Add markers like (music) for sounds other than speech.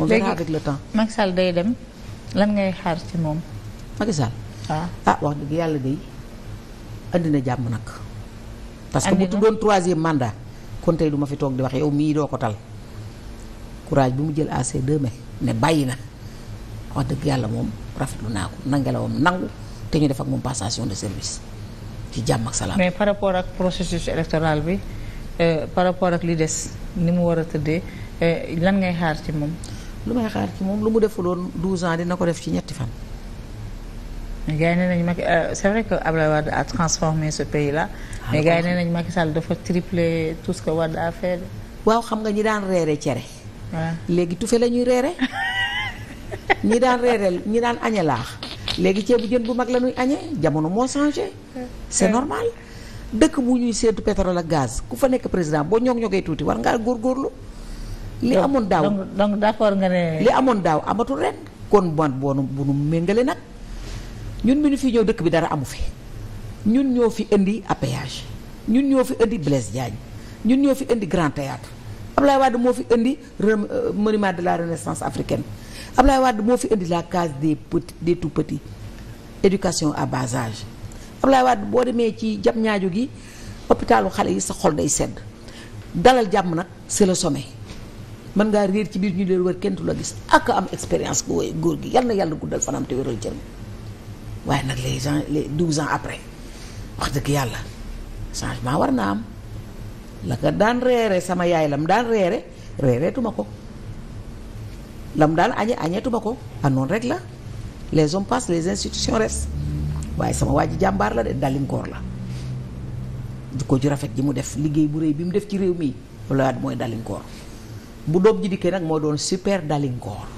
on verra avec le temps Macky Sall day dem lan ngay xaar ci moom. Macky Sall. waaw ah. ah wax dëgg yàlla day andi na jàmm nag. parce que bu tuddoon troisième mandat kon tey du ma fi toog di wax yow mii doo ko tal courage bi mu jël à ses deux mains ne bàyyi na wax dëgg yàlla moom rafet rafetlu naa ko nangelawam nangu te ñu def ak moom passation de service ci jàmm ak salaam. mais par rapport ak processus électoral bi euh, par rapport ak li des ni mu war a tëddee euh, lan ngay xaar ci moom. lu may xaar ci moom lu mu defuloon 12 ans dina ko def ci ñetti fan. mais gars yi nee nañu Macky euh, c'est que Abdoulaye Wade a transformé ce pays là. Ah, mais gars yi nee nañu Macky Sall dafa tripler tout ce que Wade a fait. waaw xam nga ñi daan reere cere. léegi tufe la ñuy reere (laughs) ñi daan reereel ñi daan añe laax léegi ceebu jën bu mag la ñuy añe jamono moo changé. c'est normal dëkk bu ñuy seetu pétrole ak gaz ku fa nekk président boo ñoog ñogee tuuti war ngaa góorlu li amoon daaw donc donc d'accord li amoon daaw amatul ren. kon man boonu nu méngale nag ñun mi ñu fi ñëw dëkk bi dara amu fi ñun ñoo fi indi appayage ñun ñoo fi indi Blaise Diagne ñun ñoo fi indi Grand Théâtre Ablaye Wade moo fi indi euh, monument de la renaissance africaine Ablaye Wade moo fi indi la case des petits des tout petits éducation à bas âge Ablaye boo demee ci jam ñaajo gi hôpitalu xale yi sa xol day sedd dalal jàmm nag c'est le sommet mën ngaa réer ci biir ñu leen wër kenn du la gis ak am expérience bu woy góor gi yal na yàlla guddal fanam te wéral jërëm waaye nag les gens les douze ans après wax dëgg yàlla changement war naa am la ko daan reere sama yaay lam daan reere reereetuma ko lam daan añe añeetuma ko anoon ah, rek la les hommes passent les institutions restent waaye sama waa ji jàmbaar la de dalinkoor la jikko ju rafet ji mu def liggéey bu rëy bi mu def ci réew mi loolu mooy dalinkoor bu doog ji dikkee nag moo doon super dalingoor